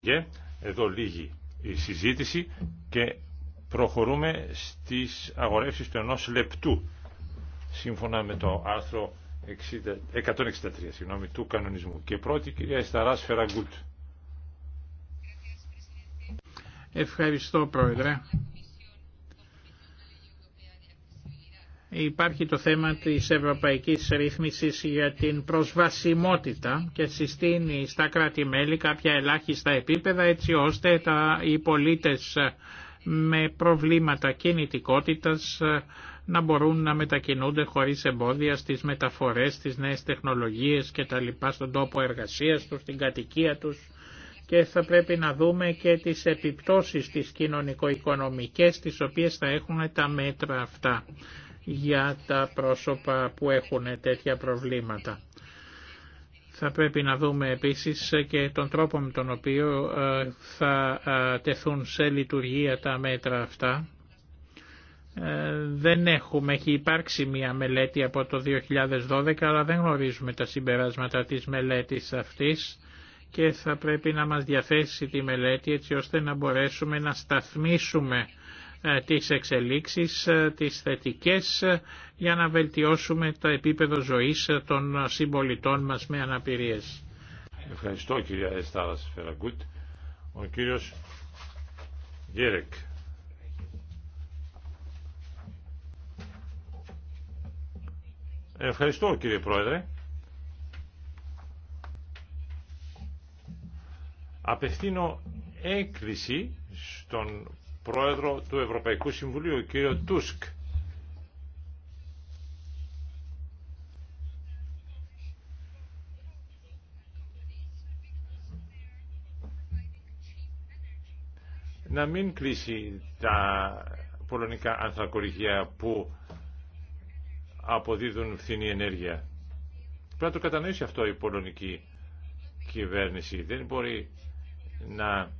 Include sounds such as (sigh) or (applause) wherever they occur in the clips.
Και εδώ λίγη η συζήτηση και προχωρούμε στις αγορεύσεις του ενός λεπτού σύμφωνα με το άρθρο 60, 163 του κανονισμού. Και πρώτη κυρία Ισταράς Φεραγκούτ. Ευχαριστώ Πρόεδρε. Υπάρχει το θέμα της ευρωπαϊκής ρύθμισης για την προσβασιμότητα και συστήνει στα κράτη-μέλη κάποια ελάχιστα επίπεδα έτσι ώστε τα, οι πολίτες ε, με προβλήματα κινητικότητας ε, να μπορούν να μετακινούνται χωρίς εμπόδια στις μεταφορές, στις νέες τεχνολογίες και τα λοιπά στον τόπο εργασίας τους, στην κατοικία τους και θα πρέπει να δούμε και τις επιπτώσεις της κοινωνικο-οικονομικές τις οποίες θα έχουν τα μέτρα αυτά για τα πρόσωπα που έχουν τέτοια προβλήματα. Θα πρέπει να δούμε επίσης και τον τρόπο με τον οποίο ε, θα ε, τεθούν σε λειτουργία τα μέτρα αυτά. Ε, δεν έχουμε, έχει υπάρξει μια μελέτη από το 2012, αλλά δεν γνωρίζουμε τα συμπεράσματα της μελέτης αυτής και θα πρέπει να μας διαθέσει τη μελέτη έτσι ώστε να μπορέσουμε να σταθμίσουμε ε, τις εξελίξεις, ε, τις θετικές, ε, για να βελτιώσουμε το επίπεδο ζωής των συμπολιτών μας με αναπηρίες. Ευχαριστώ κυρία Εστάρας Φεραγκούτ. Ο κύριος Γέρεκ. Ευχαριστώ κύριε Πρόεδρε. Απευθύνω έκκληση στον πρόεδρο του Ευρωπαϊκού Συμβουλίου, κύριο Τούσκ. να μην κλείσει τα πολωνικά ανθρακοριχεία που αποδίδουν φθηνή ενέργεια. Πρέπει να το κατανοήσει αυτό η πολωνική κυβέρνηση. Δεν μπορεί να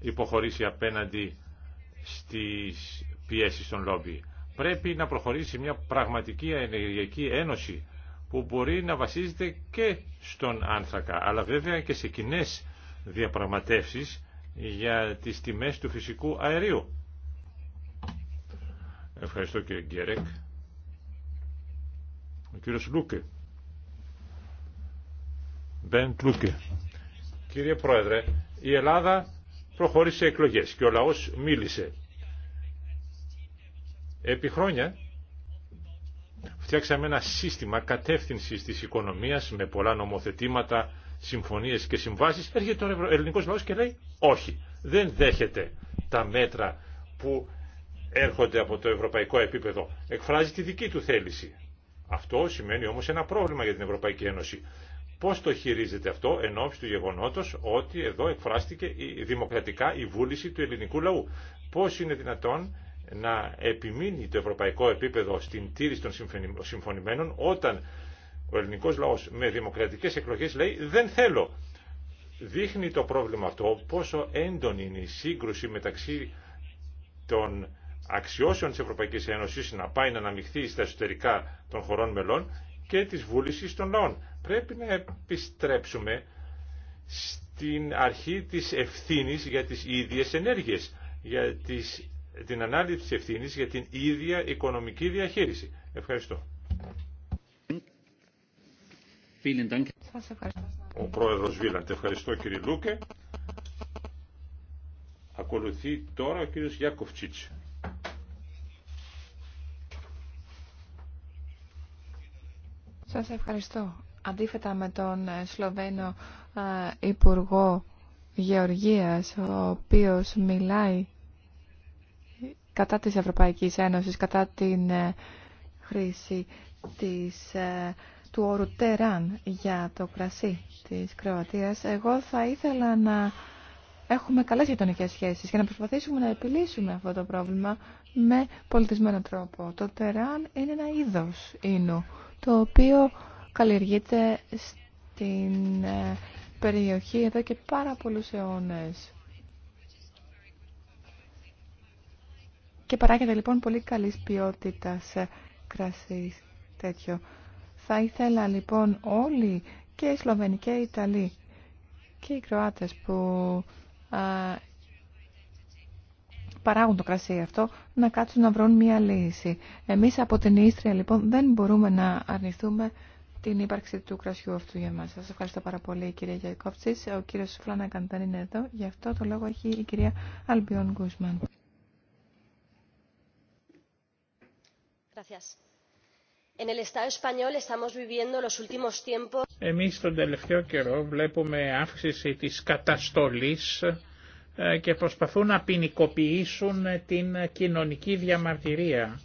υποχωρήσει απέναντι στις πιέσεις των λόμπι. Πρέπει να προχωρήσει μια πραγματική ενεργειακή ένωση που μπορεί να βασίζεται και στον άνθρακα, αλλά βέβαια και σε κοινέ διαπραγματεύσεις για τις τιμές του φυσικού αερίου. Ευχαριστώ κύριε Γκέρεκ. Ο κύριος Λούκε. Μπεν Λούκε. Κύριε Πρόεδρε, η Ελλάδα προχώρησε εκλογές και ο λαός μίλησε. Επί χρόνια φτιάξαμε ένα σύστημα κατεύθυνσης της οικονομίας με πολλά νομοθετήματα, συμφωνίες και συμβάσεις. Έρχεται ο ελληνικός λαός και λέει όχι, δεν δέχεται τα μέτρα που έρχονται από το ευρωπαϊκό επίπεδο. Εκφράζει τη δική του θέληση. Αυτό σημαίνει όμως ένα πρόβλημα για την Ευρωπαϊκή Ένωση. Πώς το χειρίζεται αυτό εν του γεγονότος ότι εδώ εκφράστηκε δημοκρατικά η βούληση του ελληνικού λαού. Πώς είναι δυνατόν να επιμείνει το ευρωπαϊκό επίπεδο στην τήρηση των συμφωνημένων όταν ο ελληνικός λαός με δημοκρατικές εκλογές λέει «δεν θέλω». Δείχνει το πρόβλημα αυτό πόσο έντονη είναι η σύγκρουση μεταξύ των αξιώσεων της Ευρωπαϊκής Ένωσης να πάει να αναμειχθεί στα εσωτερικά των χωρών μελών και της βούλησης των λαών πρέπει να επιστρέψουμε στην αρχή της ευθύνης για τις ίδιες ενέργειες, για τις, την ανάλυση της ευθύνης για την ίδια οικονομική διαχείριση. Ευχαριστώ. ευχαριστώ. Ο πρόεδρος Βίλαντ, ευχαριστώ κύριε Λούκε. Ακολουθεί τώρα ο κύριος Γιάκοφτσίτς. Σας ευχαριστώ. Αντίθετα με τον ε, Σλοβαίνο ε, Υπουργό Γεωργίας, ο οποίος μιλάει κατά της Ευρωπαϊκής Ένωσης, κατά την ε, χρήση της, του όρου Τεράν για το κρασί της Κροατίας, εγώ θα ήθελα να έχουμε καλές γειτονικές σχέσεις και να προσπαθήσουμε να επιλύσουμε αυτό το πρόβλημα με πολιτισμένο τρόπο. Το Τεράν είναι ένα είδος ίνου, το οποίο καλλιεργείται στην ε, περιοχή εδώ και πάρα πολλούς αιώνες. Και παράγεται λοιπόν πολύ καλής ποιότητας ε, κρασί τέτοιο. Θα ήθελα λοιπόν όλοι και οι Σλοβενοί και οι Ιταλοί και οι Κροάτες που παράγουν το κρασί αυτό να κάτσουν να βρουν μια λύση. Εμείς από την Ίστρια λοιπόν δεν μπορούμε να αρνηθούμε την ύπαρξη του κρασιού αυτού για μας. Σας ευχαριστώ πάρα πολύ κυρία Γιακόφτσης. Ο κύριος Φλάνακαν δεν είναι εδώ, γι' αυτό το λόγο έχει η κυρία Αλμπιόν Γκούσμαν. Εμείς τον τελευταίο καιρό βλέπουμε αύξηση της καταστολής ε, και προσπαθούν να ποινικοποιήσουν την κοινωνική διαμαρτυρία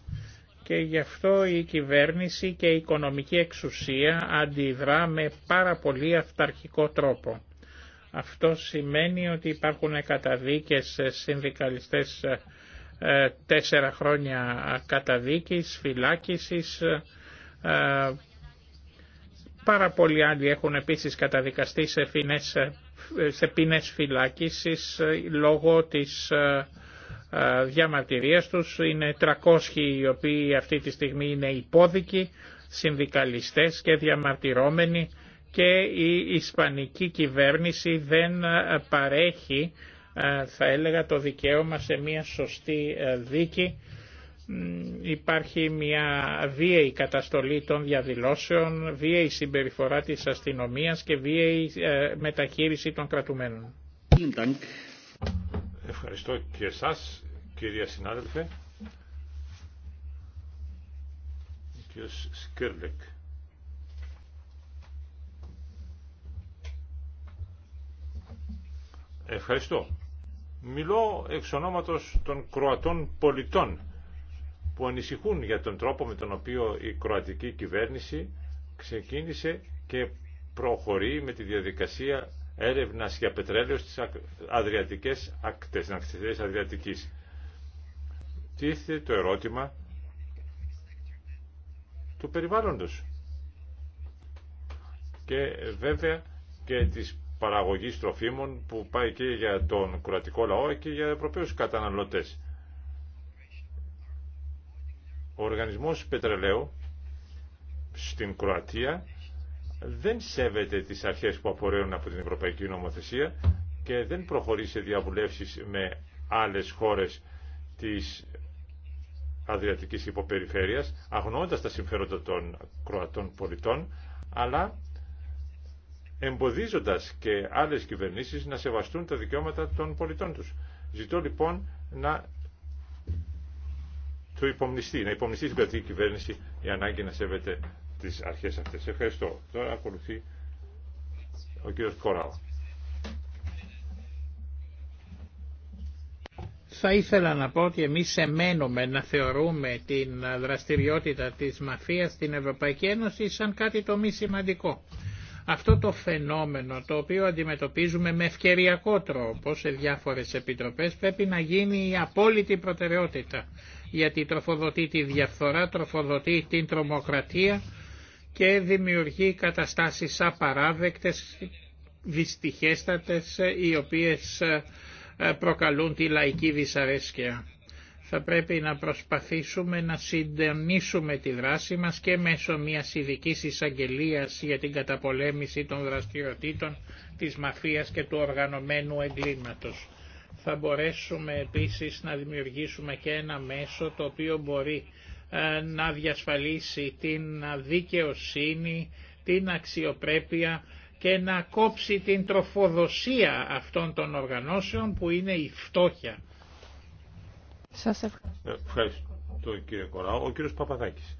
και γι' αυτό η κυβέρνηση και η οικονομική εξουσία αντιδρά με πάρα πολύ αυταρχικό τρόπο. Αυτό σημαίνει ότι υπάρχουν καταδίκες συνδικαλιστές ε, τέσσερα χρόνια καταδίκης, φυλάκισης, ε, πάρα πολλοί άλλοι έχουν επίσης καταδικαστεί σε, σε ποινές φυλάκισης ε, λόγω της ε, διαμαρτυρίες τους. Είναι 300 οι οποίοι αυτή τη στιγμή είναι υπόδικοι, συνδικαλιστές και διαμαρτυρόμενοι και η ισπανική κυβέρνηση δεν ε, παρέχει ε, θα έλεγα το δικαίωμα σε μια σωστή δίκη. Υπάρχει μια βίαιη καταστολή των διαδηλώσεων, βίαιη συμπεριφορά της αστυνομίας και βίαιη μεταχείριση των κρατουμένων. Ευχαριστώ και εσάς, κυρία συνάδελφε. Κύριος Σκέρλεκ. Ευχαριστώ. Μιλώ εξ ονόματος των Κροατών πολιτών που ανησυχούν για τον τρόπο με τον οποίο η κροατική κυβέρνηση ξεκίνησε και προχωρεί με τη διαδικασία Έρευνα για πετρέλαιο στις αδριατικές ακτές, στις Αδριατική. Τίθεται το ερώτημα του περιβάλλοντος και βέβαια και της παραγωγής τροφίμων που πάει και για τον κουρατικό λαό και για ευρωπαίους καταναλωτές. Ο οργανισμός πετρελαίου στην Κροατία δεν σέβεται τις αρχές που απορρέουν από την Ευρωπαϊκή Νομοθεσία και δεν προχωρεί σε διαβουλεύσεις με άλλες χώρες της Αδριατικής Υποπεριφέρειας, αγνοώντας τα συμφέροντα των Κροατών πολιτών, αλλά εμποδίζοντας και άλλες κυβερνήσεις να σεβαστούν τα δικαιώματα των πολιτών τους. Ζητώ λοιπόν να του υπομνηστεί, να υπομνηστεί στην κρατική κυβέρνηση η ανάγκη να σέβεται τις αρχές αυτές. Ευχαριστώ. Τώρα ακολουθεί ο κύριος Κοράου. Θα ήθελα να πω ότι εμείς εμένουμε να θεωρούμε την δραστηριότητα της μαφίας στην Ευρωπαϊκή Ένωση σαν κάτι το μη σημαντικό. Αυτό το φαινόμενο το οποίο αντιμετωπίζουμε με ευκαιριακό τρόπο σε διάφορες επιτροπές πρέπει να γίνει η απόλυτη προτεραιότητα γιατί τροφοδοτεί τη διαφθορά, τροφοδοτεί την τρομοκρατία και δημιουργεί καταστάσεις απαράδεκτες, δυστυχέστατες, οι οποίες ε, ε, προκαλούν τη λαϊκή δυσαρέσκεια. Θα πρέπει να προσπαθήσουμε να συντονίσουμε τη δράση μας και μέσω μιας ειδική εισαγγελία για την καταπολέμηση των δραστηριοτήτων της μαφίας και του οργανωμένου εγκλήματος. Θα μπορέσουμε επίσης να δημιουργήσουμε και ένα μέσο το οποίο μπορεί ε, να διασφαλίσει την δικαιοσύνη, την αξιοπρέπεια και να κόψει την τροφοδοσία αυτών των οργανώσεων που είναι η φτώχεια. Σας ευχαριστώ. Ε, ευχαριστώ κύριε Κοράου. Ο κύριος Παπαδάκης.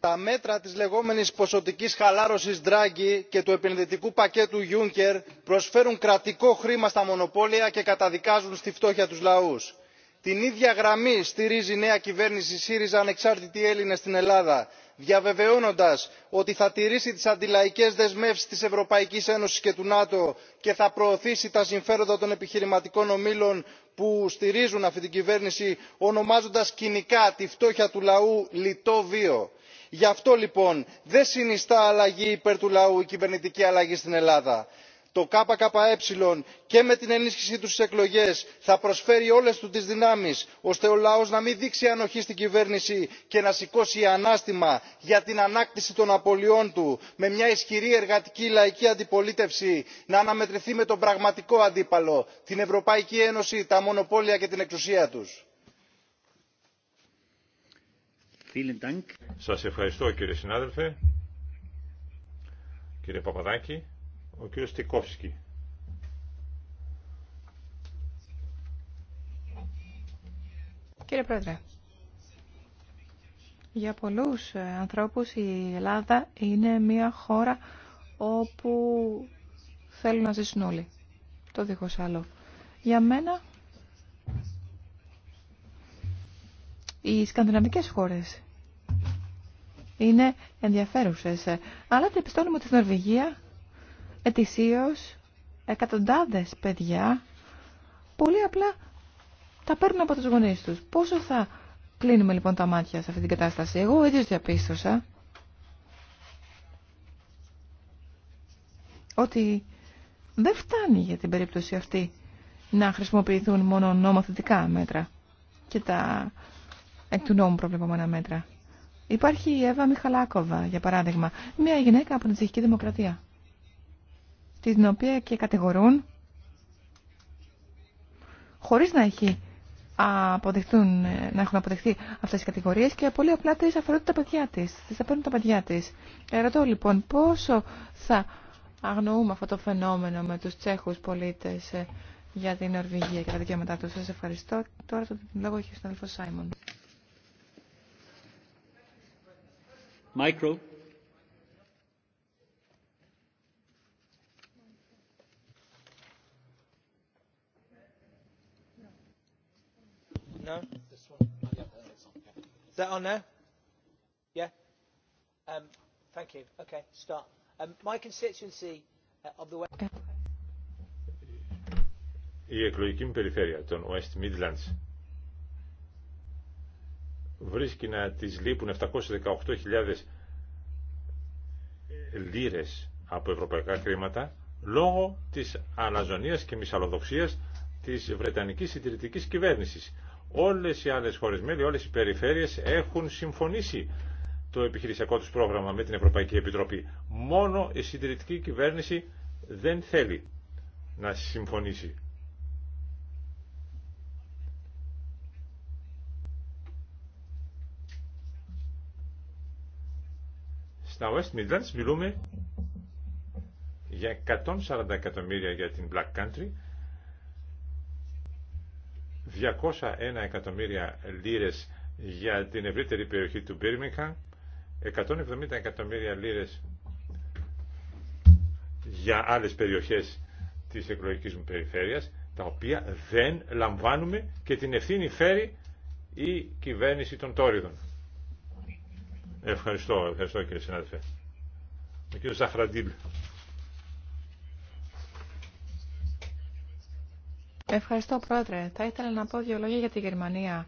Τα μέτρα της λεγόμενης ποσοτικής χαλάρωσης Draghi και του επενδυτικού πακέτου Juncker προσφέρουν κρατικό χρήμα στα μονοπόλια και καταδικάζουν στη φτώχεια τους λαούς την ίδια γραμμή στηρίζει η νέα κυβέρνηση σύριζα ανεξάρτητοι Έλληνε στην ελλάδα διαβεβαιώνοντας ότι θα τηρήσει τις αντιλαϊκές δεσμεύσεις της ευρωπαϊκής ένωσης και του νατο και θα προωθήσει τα συμφέροντα των επιχειρηματικών ομίλων που στηρίζουν αυτή την κυβέρνηση ονομάζοντας κοινικά τη φτώχεια του λαού λιτό βίο. γι' αυτό λοιπόν δεν συνιστά αλλαγή υπέρ του λαού η κυβερνητική αλλαγή στην ελλάδα το κκε και με την ενίσχυσή του στι εκλογές θα προσφέρει όλες του τι δυνάμει ώστε ο λαός να μην δείξει ανοχή στην κυβέρνηση και να σηκώσει ανάστημα για την ανάκτηση των απολειών του με μια ισχυρή εργατική λαϊκή αντιπολίτευση να αναμετρηθεί με τον πραγματικό αντίπαλο την ευρωπαϊκή ένωση τα μονοπόλια και την εξουσία του. Σα ευχαριστώ κύριε συνάδελφε. Κύριε Παπαδάκη. Ο κύριος Στικόφσκι. Κύριε Πρόεδρε, για πολλούς ε, ανθρώπους η Ελλάδα είναι μια χώρα όπου θέλουν να ζήσουν όλοι. Το δίχως άλλο. Για μένα οι σκανδιναβικές χώρες είναι ενδιαφέρουσες. Ε, αλλά διαπιστώνουμε ότι στην Νορβηγία ετησίως εκατοντάδες παιδιά πολύ απλά τα παίρνουν από τους γονείς τους. Πόσο θα κλείνουμε λοιπόν τα μάτια σε αυτή την κατάσταση. Εγώ ίδιος διαπίστωσα ότι δεν φτάνει για την περίπτωση αυτή να χρησιμοποιηθούν μόνο νομοθετικά μέτρα και τα εκ του νόμου προβλεπόμενα μέτρα. Υπάρχει η Εύα Μιχαλάκοβα, για παράδειγμα, μια γυναίκα από την Τσεχική Δημοκρατία την οποία και κατηγορούν χωρίς να έχει αποδεχτούν, να έχουν αποδεχθεί αυτές οι κατηγορίες και πολύ απλά τις αφορούν τα παιδιά της, τις θα τα παιδιά της. Ερωτώ λοιπόν πόσο θα αγνοούμε αυτό το φαινόμενο με τους Τσέχους πολίτες ε, για την Νορβηγία και τα δικαιώματά τους. Σας ευχαριστώ. Τώρα το λόγο έχει ο συνάδελφος Σάιμον. Micro. Η εκλογική μου περιφέρεια των West Midlands βρίσκει να της λείπουν 718.000 λίρες από ευρωπαϊκά χρήματα λόγω της αναζωνίας και μυσαλλοδοξίας της Βρετανικής συντηρητικής κυβέρνησης. Όλες οι άλλες χώρες μέλη, όλες οι περιφέρειες έχουν συμφωνήσει το επιχειρησιακό τους πρόγραμμα με την Ευρωπαϊκή Επιτροπή. Μόνο η συντηρητική κυβέρνηση δεν θέλει να συμφωνήσει. Στα West Midlands μιλούμε για 140 εκατομμύρια για την Black Country 201 εκατομμύρια λίρες για την ευρύτερη περιοχή του Μπίρμιχα, 170 εκατομμύρια λίρες για άλλες περιοχές της εκλογικής μου περιφέρειας, τα οποία δεν λαμβάνουμε και την ευθύνη φέρει η κυβέρνηση των Τόριδων. Ευχαριστώ, ευχαριστώ κύριε συνάδελφε. Ο κύριος Ευχαριστώ, Πρόεδρε. Θα ήθελα να πω δύο λόγια για τη Γερμανία.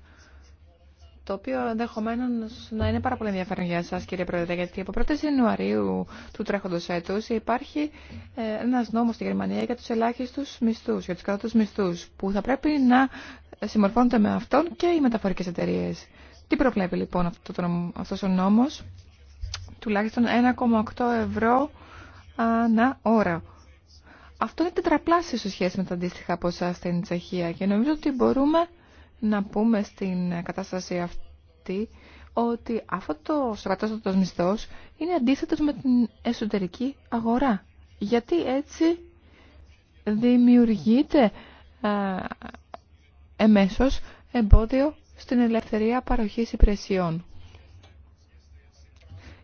Το οποίο ενδεχομένω να είναι πάρα πολύ ενδιαφέρον για εσά, κύριε Πρόεδρε, γιατί από 1η Ιανουαρίου του τρέχοντο έτου υπάρχει ε, ένα νόμο στη Γερμανία για του ελάχιστου μισθού, για του κατώτατου μισθού, που θα πρέπει να συμμορφώνονται με αυτόν και οι μεταφορικέ εταιρείε. Τι προβλέπει λοιπόν αυτό ο νόμο, τουλάχιστον 1,8 ευρώ ανά ώρα. Αυτό είναι τετραπλάσιο σε σχέση με τα αντίστοιχα ποσά στην Τσεχία και νομίζω ότι μπορούμε να πούμε στην κατάσταση αυτή ότι αυτό το κατάστατος μισθό είναι αντίθετο με την εσωτερική αγορά. Γιατί έτσι δημιουργείται εμέσως εμπόδιο στην ελευθερία παροχής υπηρεσιών.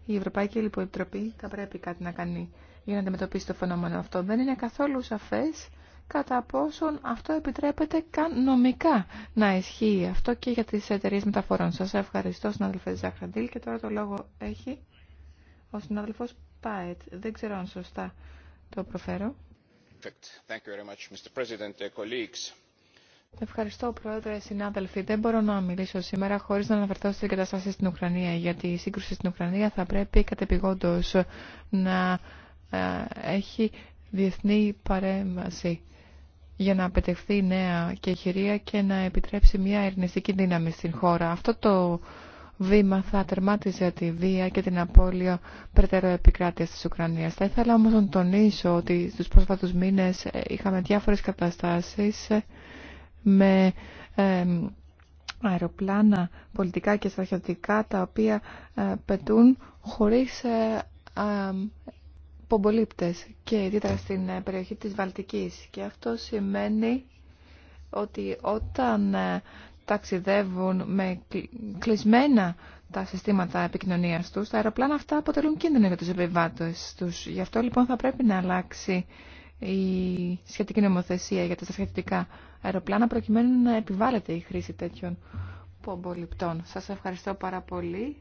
Η Ευρωπαϊκή Επιτροπή θα πρέπει κάτι να κάνει για να αντιμετωπίσει το φαινόμενο αυτό. Δεν είναι καθόλου σαφές κατά πόσον αυτό επιτρέπεται καν νομικά να ισχύει αυτό και για τις εταιρείε μεταφορών. Σας ευχαριστώ, συνάδελφε Ζαχραντήλ. Και τώρα το λόγο έχει ο συνάδελφος Πάετ. Δεν ξέρω αν σωστά το προφέρω. Ευχαριστώ, Πρόεδρε, συνάδελφοι. Δεν μπορώ να μιλήσω σήμερα χωρίς να αναφερθώ στην κατάσταση στην Ουκρανία, γιατί η σύγκρουση στην Ουκρανία θα πρέπει κατεπηγόντως να ε, έχει διεθνή παρέμβαση για να απαιτευθεί νέα και χειρία και να επιτρέψει μια ερνηστική δύναμη στην χώρα. Αυτό το βήμα θα τερμάτιζε τη βία και την απώλεια περαιτέρω επικράτεια της Ουκρανίας. Θα ήθελα όμως να τονίσω ότι στους πρόσφατους μήνες ε, είχαμε διάφορες καταστάσεις ε, με αεροπλάνα πολιτικά και στρατιωτικά τα οποία πετούν χωρίς πομπολίπτες και ιδιαίτερα στην ε, περιοχή της Βαλτικής. Και αυτό σημαίνει ότι όταν ε, ταξιδεύουν με κλεισμένα τα συστήματα επικοινωνίας τους, τα αεροπλάνα αυτά αποτελούν κίνδυνο για τους επιβάτες τους. Γι' αυτό λοιπόν θα πρέπει να αλλάξει η σχετική νομοθεσία για τα σχετικά αεροπλάνα προκειμένου να επιβάλλεται η χρήση τέτοιων πομπολιπτών. Σας ευχαριστώ πάρα πολύ.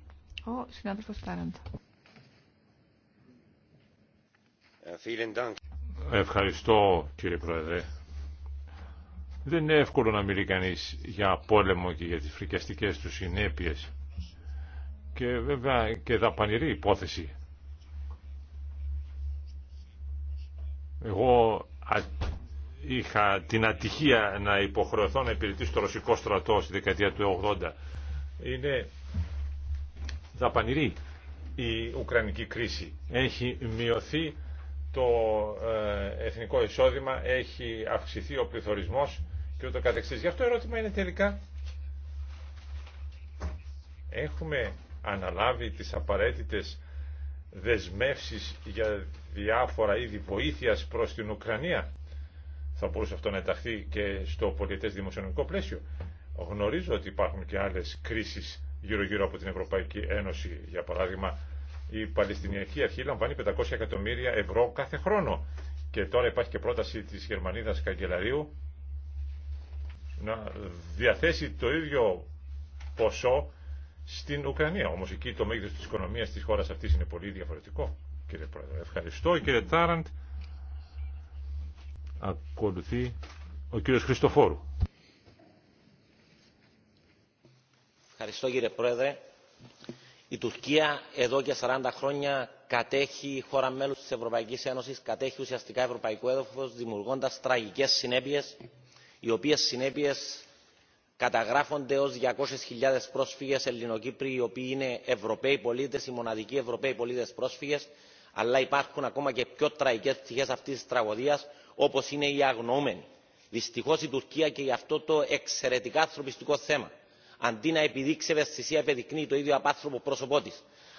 Ο συνάδελφος ε, Ευχαριστώ κύριε Πρόεδρε. Δεν είναι εύκολο να μιλεί κανεί για πόλεμο και για τις φρικιαστικές του συνέπειες και βέβαια και δαπανηρή υπόθεση. Εγώ είχα την ατυχία να υποχρεωθώ να υπηρετήσω το ρωσικό στρατό στη δεκαετία του 80. Είναι δαπανηρή η ουκρανική κρίση. Έχει μειωθεί το ε, εθνικό εισόδημα, έχει αυξηθεί ο πληθωρισμός και ούτω καθεξής. Γι' αυτό το ερώτημα είναι τελικά έχουμε αναλάβει τις απαραίτητες δεσμεύσεις για διάφορα είδη βοήθειας προς την Ουκρανία. Θα μπορούσε αυτό να ενταχθεί και στο πολιτές δημοσιονομικό πλαίσιο. Γνωρίζω ότι υπάρχουν και άλλες κρίσεις γύρω-γύρω από την Ευρωπαϊκή Ένωση, για παράδειγμα η Παλαιστινιακή Αρχή λαμβάνει 500 εκατομμύρια ευρώ κάθε χρόνο. Και τώρα υπάρχει και πρόταση της Γερμανίδας Καγκελαρίου να διαθέσει το ίδιο ποσό στην Ουκρανία. Όμως εκεί το μέγεθος της οικονομίας της χώρας αυτής είναι πολύ διαφορετικό. Κύριε Πρόεδρε, ευχαριστώ. Κύριε Τάραντ, ακολουθεί ο κύριος Χριστοφόρου. Ευχαριστώ κύριε Πρόεδρε. Η Τουρκία εδώ και 40 χρόνια κατέχει χώρα μέλου τη Ευρωπαϊκή Ένωση, κατέχει ουσιαστικά ευρωπαϊκό έδαφο, δημιουργώντα τραγικέ συνέπειε, οι οποίε συνέπειες καταγράφονται ω 200.000 πρόσφυγε Ελληνοκύπριοι, οι οποίοι είναι Ευρωπαίοι πολίτε, οι μοναδικοί Ευρωπαίοι πολίτε πρόσφυγε, αλλά υπάρχουν ακόμα και πιο τραγικέ πτυχέ αυτή τη τραγωδία, όπω είναι οι αγνοούμενοι. Δυστυχώ η Τουρκία και γι' αυτό το εξαιρετικά ανθρωπιστικό θέμα αντί να επιδείξει ευαισθησία επιδεικνύει το ίδιο απάνθρωπο πρόσωπό τη.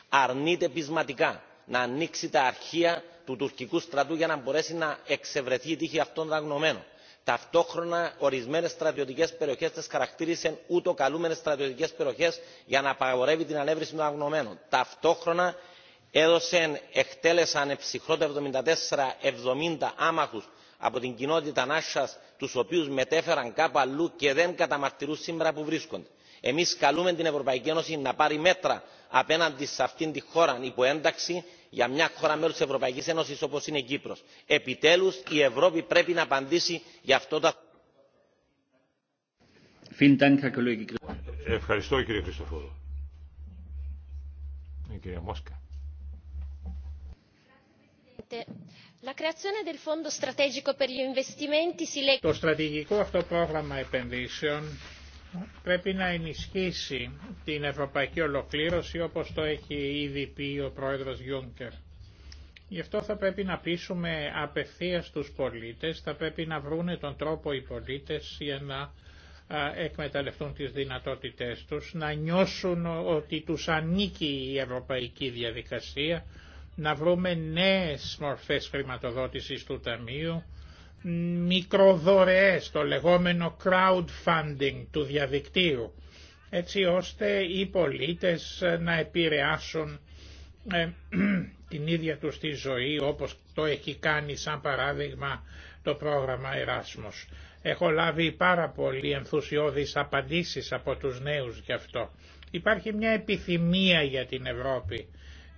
αρνείται πεισματικά να ανοίξει τα αρχεία του τουρκικού στρατού για να μπορέσει να εξευρεθεί η τύχη αυτών των αγνωμένων. ταυτόχρονα ορισμένε στρατιωτικέ περιοχέ τι χαρακτήρισε ούτω καλούμενε στρατιωτικέ περιοχέ για να απαγορεύει την ανέβρεση των αγνωμένων. ταυτόχρονα έδωσε, εκτέλεσαν ψυχρό το 1974 70 άμαχου από την κοινότητα Νάσσα, του οποίου μετέφεραν κάπου αλλού και δεν καταμαρτυρούν σήμερα που βρίσκονται. Εμεί καλούμε την Ευρωπαϊκή Ένωση να πάρει μέτρα απέναντι σε αυτήν τη χώρα υποένταξη για μια χώρα μέλο τη Ευρωπαϊκή Ένωση όπω είναι η Κύπρο. Επιτέλου η Ευρώπη πρέπει να απαντήσει για αυτό το. Ευχαριστώ κύριε Χριστοφόρου. Η Το στρατηγικό αυτό πρόγραμμα επενδύσεων πρέπει να ενισχύσει την ευρωπαϊκή ολοκλήρωση όπως το έχει ήδη πει ο πρόεδρος Γιούνκερ. Γι' αυτό θα πρέπει να πείσουμε απευθείας τους πολίτες, θα πρέπει να βρούνε τον τρόπο οι πολίτες για να εκμεταλλευτούν τις δυνατότητές τους, να νιώσουν ότι τους ανήκει η ευρωπαϊκή διαδικασία, να βρούμε νέες μορφές χρηματοδότησης του Ταμείου, μικροδωρεές, το λεγόμενο crowdfunding του διαδικτύου, έτσι ώστε οι πολίτες ε, να επηρεάσουν ε, (clears throat) την ίδια τους τη ζωή όπως το έχει κάνει σαν παράδειγμα το πρόγραμμα Εράσμος. Έχω λάβει πάρα πολύ ενθουσιώδεις απαντήσεις από τους νέους γι' αυτό. Υπάρχει μια επιθυμία για την Ευρώπη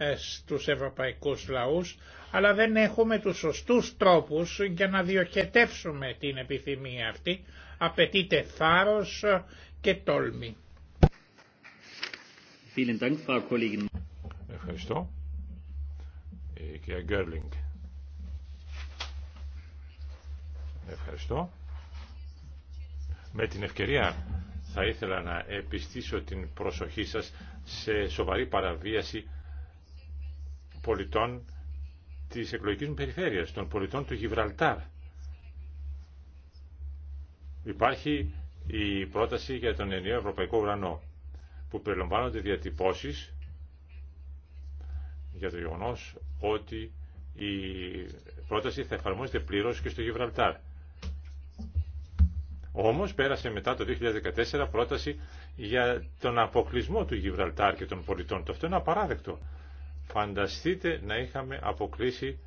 ε, στους ευρωπαϊκούς λαούς, αλλά δεν έχουμε τους σωστούς τρόπους για να διοχετεύσουμε την επιθυμία αυτή. Απαιτείται θάρρος και τόλμη. Ευχαριστώ. κυρία Ευχαριστώ. Με την ευκαιρία θα ήθελα να επιστήσω την προσοχή σας σε σοβαρή παραβίαση πολιτών της εκλογικής μου περιφέρειας, των πολιτών του Γιβραλτάρ. Υπάρχει η πρόταση για τον ενιαίο ευρωπαϊκό ουρανό, που περιλαμβάνονται διατυπώσεις για το γεγονό ότι η πρόταση θα εφαρμόζεται πλήρως και στο Γιβραλτάρ. Όμως πέρασε μετά το 2014 πρόταση για τον αποκλεισμό του Γιβραλτάρ και των πολιτών του. Αυτό είναι απαράδεκτο. Φανταστείτε να είχαμε αποκλείσει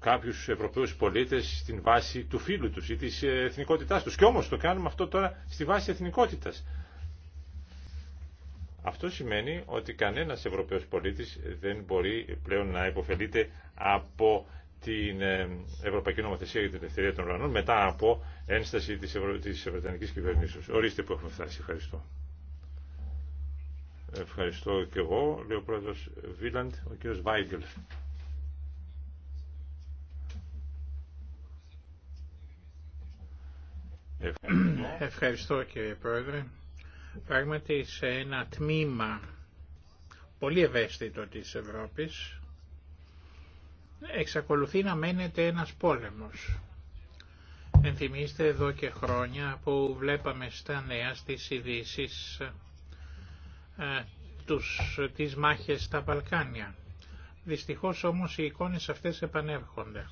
κάποιους Ευρωπαίους πολίτες στην βάση του φίλου τους ή της εθνικότητάς τους. Και όμως το κάνουμε αυτό τώρα στη βάση εθνικότητας. Αυτό σημαίνει ότι κανένας Ευρωπαίος πολίτης δεν μπορεί πλέον να υποφελείται από την ε, Ευρωπαϊκή Νομοθεσία για την Ελευθερία των Ουρανών μετά από ένσταση της, Ευρω... της Ορίστε που έχουμε φτάσει. Ευχαριστώ. Ευχαριστώ και εγώ, λέει ο πρόεδρος Βίλαντ, ο κύριος Βάιγκελ. Ευχαριστώ. κύριε Πρόεδρε. Πράγματι σε ένα τμήμα πολύ ευαίσθητο της Ευρώπης εξακολουθεί να μένεται ένας πόλεμος. Ενθυμίστε εδώ και χρόνια που βλέπαμε στα νέα στις ειδήσει ε, τους, τις μάχες στα Βαλκάνια. Δυστυχώς όμως οι εικόνες αυτές επανέρχονται.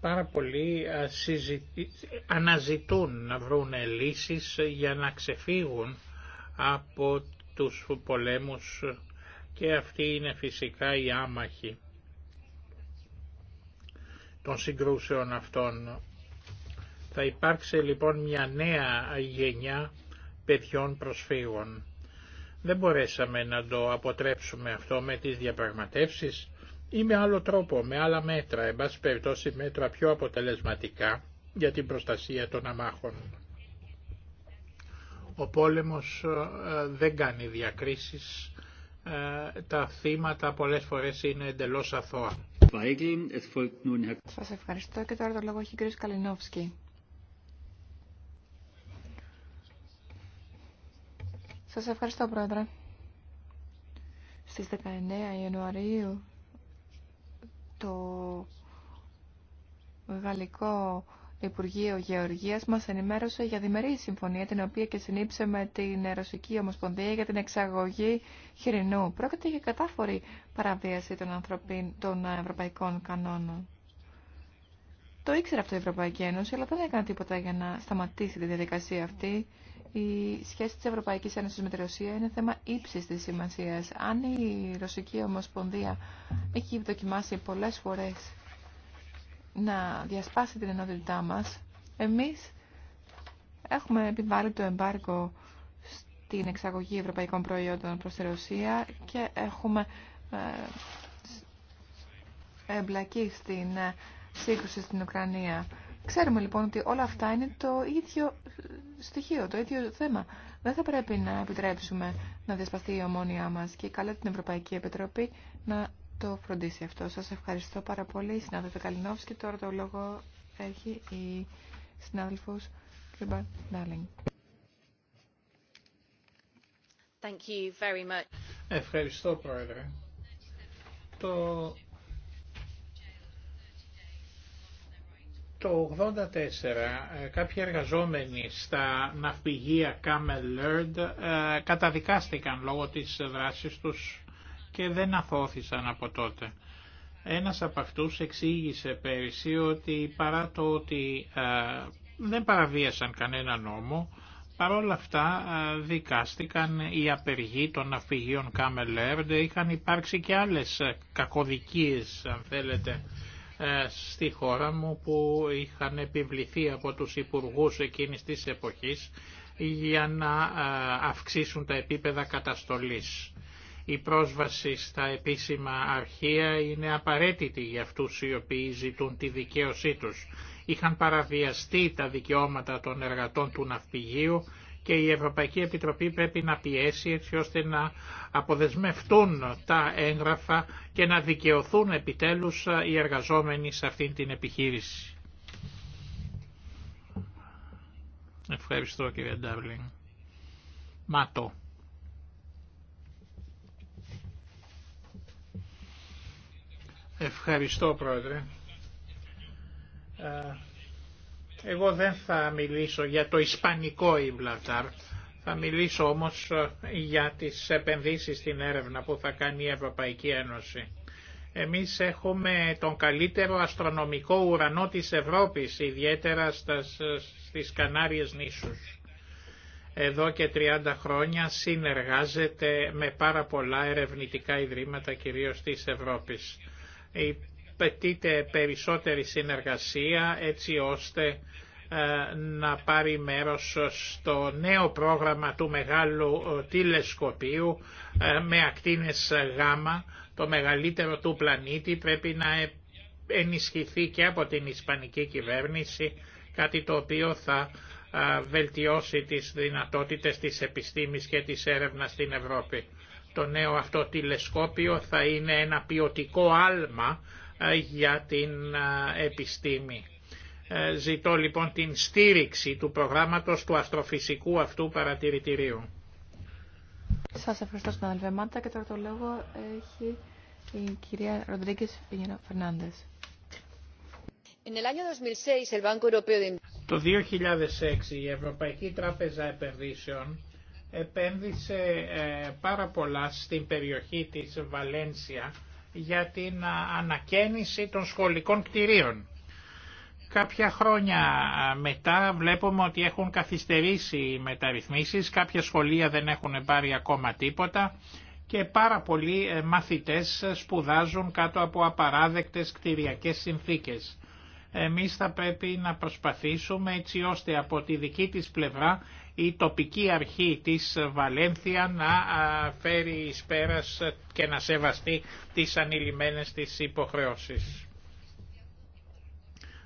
Πάρα πολλοί ε, αναζητούν να βρουν λύσεις για να ξεφύγουν από τους πολέμους και αυτή είναι φυσικά η άμαχη των συγκρούσεων αυτών. Θα υπάρξει λοιπόν μια νέα γενιά παιδιών προσφύγων. Δεν μπορέσαμε να το αποτρέψουμε αυτό με τις διαπραγματεύσεις ή με άλλο τρόπο, με άλλα μέτρα, εν πάση περιπτώσει μέτρα πιο αποτελεσματικά για την προστασία των αμάχων. Ο πόλεμος ε, δεν κάνει διακρίσεις, ε, τα θύματα πολλές φορές είναι εντελώς αθώα. Σας ευχαριστώ και τώρα το λόγο έχει κ. Καλινόφσκι. Σας ευχαριστώ, Πρόεδρε. Στις 19 Ιανουαρίου το Γαλλικό Υπουργείο Γεωργίας μας ενημέρωσε για διμερή συμφωνία την οποία και συνήψε με την Ρωσική Ομοσπονδία για την εξαγωγή χοιρινού. Πρόκειται για κατάφορη παραβίαση των, ανθρωπίν, των ευρωπαϊκών κανόνων. Το ήξερε αυτό η Ευρωπαϊκή Ένωση, αλλά δεν έκανε τίποτα για να σταματήσει τη διαδικασία αυτή η σχέση της Ευρωπαϊκής Ένωσης με τη Ρωσία είναι θέμα ύψης της σημασίας. Αν η Ρωσική Ομοσπονδία έχει δοκιμάσει πολλές φορές να διασπάσει την ενότητά μας, εμείς έχουμε επιβάλει το εμπάργκο στην εξαγωγή ευρωπαϊκών προϊόντων προς τη Ρωσία και έχουμε ε, εμπλακεί στην ε, σύγκρουση στην Ουκρανία. Ξέρουμε λοιπόν ότι όλα αυτά είναι το ίδιο στοιχείο, το ίδιο θέμα. Δεν θα πρέπει να επιτρέψουμε να διασπαστεί η ομόνια μας και καλά την Ευρωπαϊκή Επιτροπή να το φροντίσει αυτό. Σας ευχαριστώ πάρα πολύ, συνάδελφε Καλινόφς, τώρα το λόγο έχει η συνάδελφος Κρυμπαν Ντάλινγκ. Ευχαριστώ, Πρόεδρε. Το Το 1984 ε, κάποιοι εργαζόμενοι στα ναυπηγεία Camel Lerd ε, καταδικάστηκαν λόγω της δράσης τους και δεν αθώθησαν από τότε. Ένας από αυτούς εξήγησε πέρυσι ότι παρά το ότι ε, δεν παραβίασαν κανένα νόμο, παρόλα αυτά δικάστηκαν οι απεργοί των ναυπηγείων Camel Lerd, είχαν υπάρξει και άλλες κακοδικίες αν θέλετε ε, στη χώρα μου που είχαν επιβληθεί από τους υπουργούς εκείνης της εποχής για να ε, αυξήσουν τα επίπεδα καταστολής. Η πρόσβαση στα επίσημα αρχεία είναι απαραίτητη για αυτούς οι οποίοι ζητούν τη δικαίωσή τους. Είχαν παραβιαστεί τα δικαιώματα των εργατών του ναυπηγείου και η Ευρωπαϊκή Επιτροπή πρέπει να πιέσει έτσι ώστε να αποδεσμευτούν τα έγγραφα και να δικαιωθούν επιτέλους οι εργαζόμενοι σε αυτήν την επιχείρηση. Ευχαριστώ κύριε Ντάβλιν. Μάτω. Ευχαριστώ πρόεδρε. Εγώ δεν θα μιλήσω για το ισπανικό Ιμπλατάρ, θα μιλήσω όμως ε, για τις επενδύσεις στην έρευνα που θα κάνει η Ευρωπαϊκή Ένωση. Εμείς έχουμε τον καλύτερο αστρονομικό ουρανό της Ευρώπης, ιδιαίτερα στις Κανάριες νήσους. Εδώ και 30 χρόνια συνεργάζεται με πάρα πολλά ερευνητικά ιδρύματα, κυρίως της Ευρώπης απαιτείται περισσότερη συνεργασία έτσι ώστε ε, να πάρει μέρος στο νέο πρόγραμμα του μεγάλου ε, τηλεσκοπίου ε, με ακτίνες γάμα, το μεγαλύτερο του πλανήτη πρέπει να ενισχυθεί και από την Ισπανική κυβέρνηση, κάτι το οποίο θα βελτιώσει τις δυνατότητες της επιστήμης και της έρευνας στην Ευρώπη. Το νέο αυτό τηλεσκόπιο θα είναι ένα ποιοτικό άλμα για την επιστήμη. Ε, ζητώ λοιπόν την στήριξη του προγράμματος του αστροφυσικού αυτού παρατηρητηρίου. Σας ευχαριστώ αδελφέ και τώρα το λόγο έχει η κυρία Ροντρίγκες Φερνάντες. Το 2006 η Ευρωπαϊκή Τράπεζα Επενδύσεων επένδυσε ε, πάρα πολλά στην περιοχή της Βαλένσια για την ανακαίνιση των σχολικών κτηρίων. Κάποια χρόνια μετά βλέπουμε ότι έχουν καθυστερήσει οι μεταρρυθμίσεις, κάποια σχολεία δεν έχουν πάρει ακόμα τίποτα και πάρα πολλοί ε, μαθητές σπουδάζουν κάτω από απαράδεκτες κτηριακές συνθήκες εμείς θα πρέπει να προσπαθήσουμε έτσι ώστε από τη δική της πλευρά η τοπική αρχή της Βαλένθια να φέρει εις πέρας και να σεβαστεί τις ανηλυμένες της υποχρεώσεις.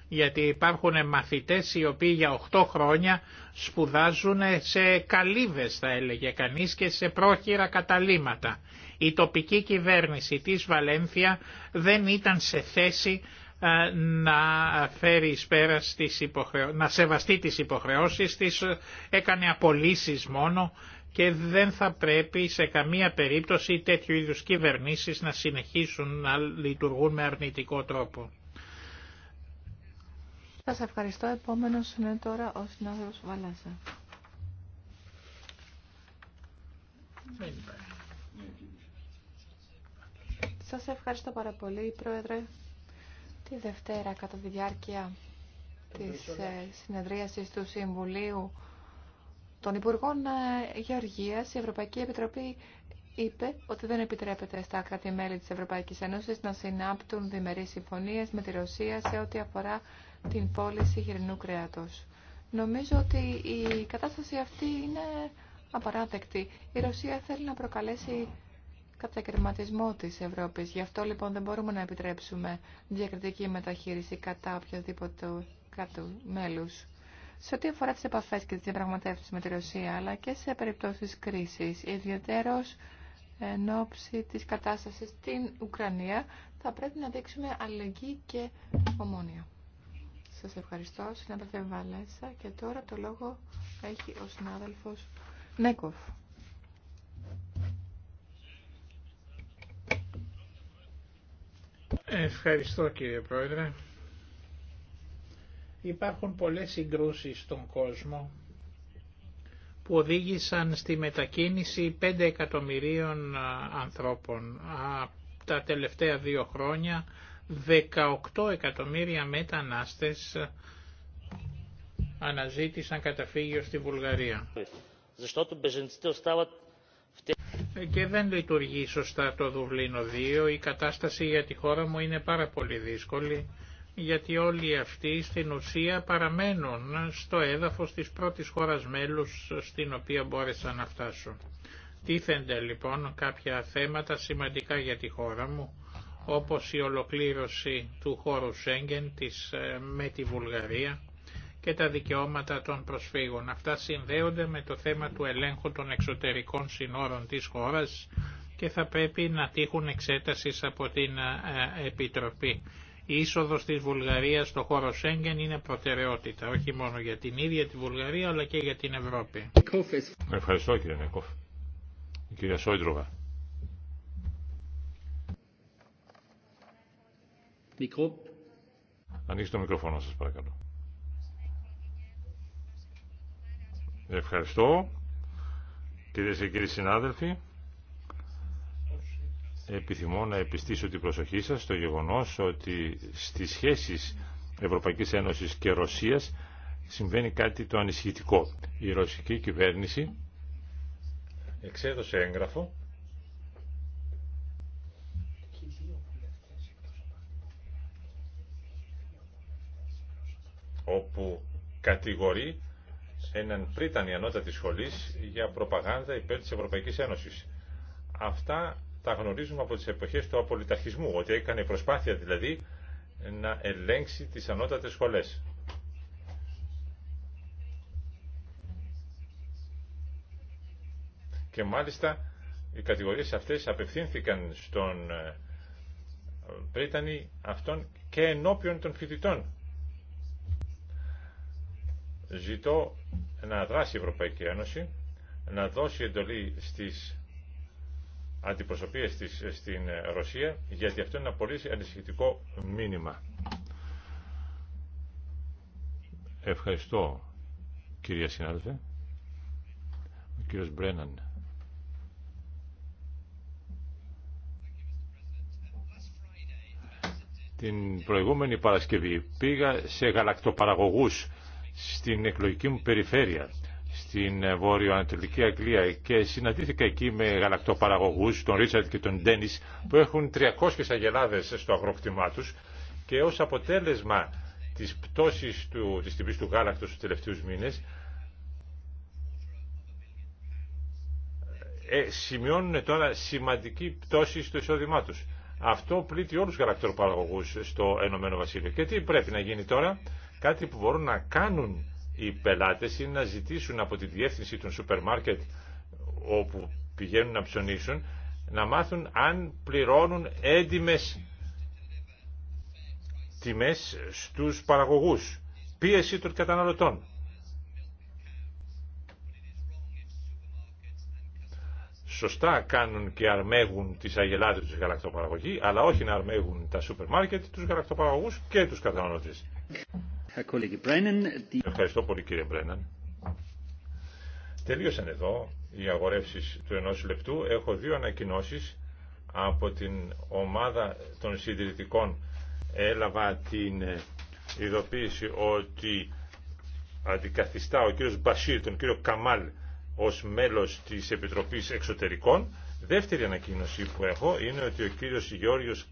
Γιατί υπάρχουν μαθητές οι οποίοι για 8 χρόνια σπουδάζουν σε καλύβες θα έλεγε κανείς και σε πρόχειρα καταλήματα. Η τοπική κυβέρνηση της Βαλένθια δεν ήταν σε θέση ε, να φέρει πέρα στις υποχρεω... να σεβαστεί τις υποχρεώσεις της, ε, έκανε απολύσεις μόνο και δεν θα πρέπει σε καμία περίπτωση τέτοιου είδους κυβερνήσεις να συνεχίσουν να λειτουργούν με αρνητικό τρόπο. Σας ευχαριστώ. Επόμενος είναι τώρα ο συνάδελφος Βαλάσα. Σας ευχαριστώ πάρα πολύ, Πρόεδρε. Τη Δευτέρα, κατά τη διάρκεια της ε, συνεδρίασης του Συμβουλίου των Υπουργών ε, Γεωργίας, η Ευρωπαϊκή Επιτροπή είπε ότι δεν επιτρέπεται στα κράτη-μέλη της Ευρωπαϊκής Ένωσης να συνάπτουν διμερείς συμφωνίες με τη Ρωσία σε ό,τι αφορά την πώληση γυρνού κρέατος. Νομίζω ότι η κατάσταση αυτή είναι απαράδεκτη. Η Ρωσία θέλει να προκαλέσει κατακαιρματισμό της Ευρώπης. Γι' αυτό λοιπόν δεν μπορούμε να επιτρέψουμε διακριτική μεταχείριση κατά οποιοδήποτε κάτω μέλους. Σε ό,τι αφορά τις επαφές και τις διαπραγματεύσεις με τη Ρωσία, αλλά και σε περιπτώσεις κρίσης, ιδιαίτερος εν ώψη της κατάστασης στην Ουκρανία, θα πρέπει να δείξουμε αλληλεγγύη και ομόνια. Σας ευχαριστώ, συνάδελφε Βαλέσσα, και τώρα το λόγο έχει ο συνάδελφος Νέκοφ. Ευχαριστώ κύριε Πρόεδρε. Υπάρχουν πολλές συγκρούσεις στον κόσμο που οδήγησαν στη μετακίνηση 5 εκατομμυρίων ανθρώπων. τα τελευταία δύο χρόνια 18 εκατομμύρια μετανάστες αναζήτησαν καταφύγιο στη Βουλγαρία και δεν λειτουργεί σωστά το Δουβλίνο 2. Η κατάσταση για τη χώρα μου είναι πάρα πολύ δύσκολη γιατί όλοι αυτοί στην ουσία παραμένουν στο έδαφος της πρώτης χώρας μέλους στην οποία μπόρεσαν να φτάσουν. Τίθενται λοιπόν κάποια θέματα σημαντικά για τη χώρα μου, όπως η ολοκλήρωση του χώρου Σέγγεν της, ε, με τη Βουλγαρία, και τα δικαιώματα των προσφύγων. Αυτά συνδέονται με το θέμα του ελέγχου των εξωτερικών συνόρων της χώρας και θα πρέπει να τύχουν εξέτασης από την ε, Επιτροπή. Η είσοδος της Βουλγαρίας στο χώρο Σέγγεν είναι προτεραιότητα, όχι μόνο για την ίδια τη Βουλγαρία, αλλά και για την Ευρώπη. Ευχαριστώ κύριε Νεκόφ. Κύριε Σόιντροβα. Ανοίξτε το μικρόφωνο σας παρακαλώ. Ευχαριστώ. Κυρίε και κύριοι συνάδελφοι, επιθυμώ να επιστήσω την προσοχή σα στο γεγονό ότι στις σχέσεις Ευρωπαϊκής Ένωσης και Ρωσίας συμβαίνει κάτι το ανησυχητικό. Η ρωσική κυβέρνηση εξέδωσε έγγραφο όπου κατηγορεί έναν Πρίτανη της σχολής για προπαγάνδα υπέρ της Ευρωπαϊκής Ένωσης. Αυτά τα γνωρίζουμε από τις εποχές του απολυταρχισμού, ότι έκανε προσπάθεια δηλαδή να ελέγξει τις ανώτατες σχολές. Και μάλιστα οι κατηγορίες αυτές απευθύνθηκαν στον ε, Πρίτανη αυτόν και ενώπιον των φοιτητών Ζητώ να δράσει η Ευρωπαϊκή Ένωση, να δώσει εντολή στις αντιπροσωπείες της στην Ρωσία, γιατί αυτό είναι ένα πολύ ανησυχητικό μήνυμα. Ευχαριστώ, κυρία συνάδελφε. Ο κύριος Μπρέναν. Την προηγούμενη Παρασκευή πήγα σε γαλακτοπαραγωγούς στην εκλογική μου περιφέρεια στην Βόρειο-Ανατολική Αγγλία και συναντήθηκα εκεί με γαλακτοπαραγωγούς, τον Ρίτσαρτ και τον Ντένις που έχουν 300 αγελάδες στο αγροκτημά τους και ως αποτέλεσμα της πτώσης του, της τιμής του γάλακτος τους τελευταίους μήνες ε, σημειώνουν τώρα σημαντική πτώση στο εισόδημά τους. Αυτό πλήττει όλους τους γαλακτοπαραγωγούς στο Ενωμένο Βασίλειο. Και τι πρέπει να γίνει τώρα Κάτι που μπορούν να κάνουν οι πελάτες είναι να ζητήσουν από τη διεύθυνση των σούπερ μάρκετ όπου πηγαίνουν να ψωνίσουν να μάθουν αν πληρώνουν έντιμες τιμές στους παραγωγούς. Πίεση των καταναλωτών. Σωστά κάνουν και αρμέγουν τις αγελάδες τους γαλακτοπαραγωγή, αλλά όχι να αρμέγουν τα σούπερ μάρκετ, τους γαλακτοπαραγωγούς και τους καταναλωτές. Ευχαριστώ πολύ κύριε Μπρέναν. Τελείωσαν εδώ οι αγορεύσεις του ενός λεπτού. Έχω δύο ανακοινώσεις από την ομάδα των συντηρητικών. Έλαβα την ε, ειδοποίηση ότι αντικαθιστά ο κύριος Μπασίρ, τον κύριο Καμάλ, ως μέλος της Επιτροπής Εξωτερικών. Δεύτερη ανακοίνωση που έχω είναι ότι ο κύριος Γιώργος